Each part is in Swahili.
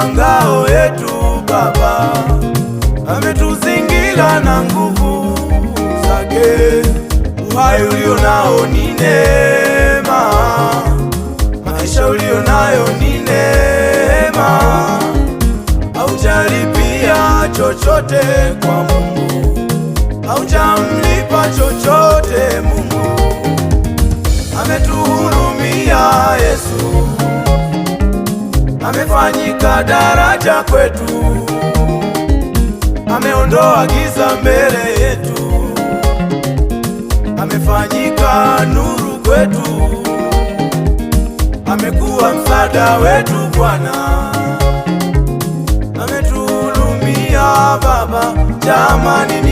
Ngao yetu Baba ametuzingira na nguvu zake. Uhai ulio nao ni neema, maisha ulio nayo ni neema. Haujalipia chochote kwa Mungu, haujamlipa chochote amefanyika daraja kwetu, ameondoa giza mbele yetu, amefanyika nuru kwetu, amekuwa msaada wetu Bwana, ametuhurumia Baba, jamani.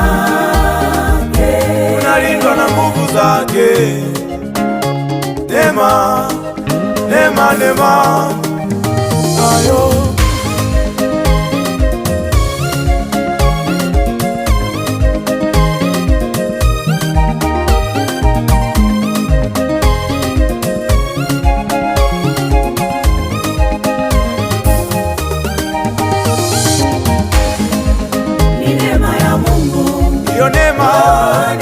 zake Nema, Nema, Nema ayo Ni neema ya Mungu, ndio neema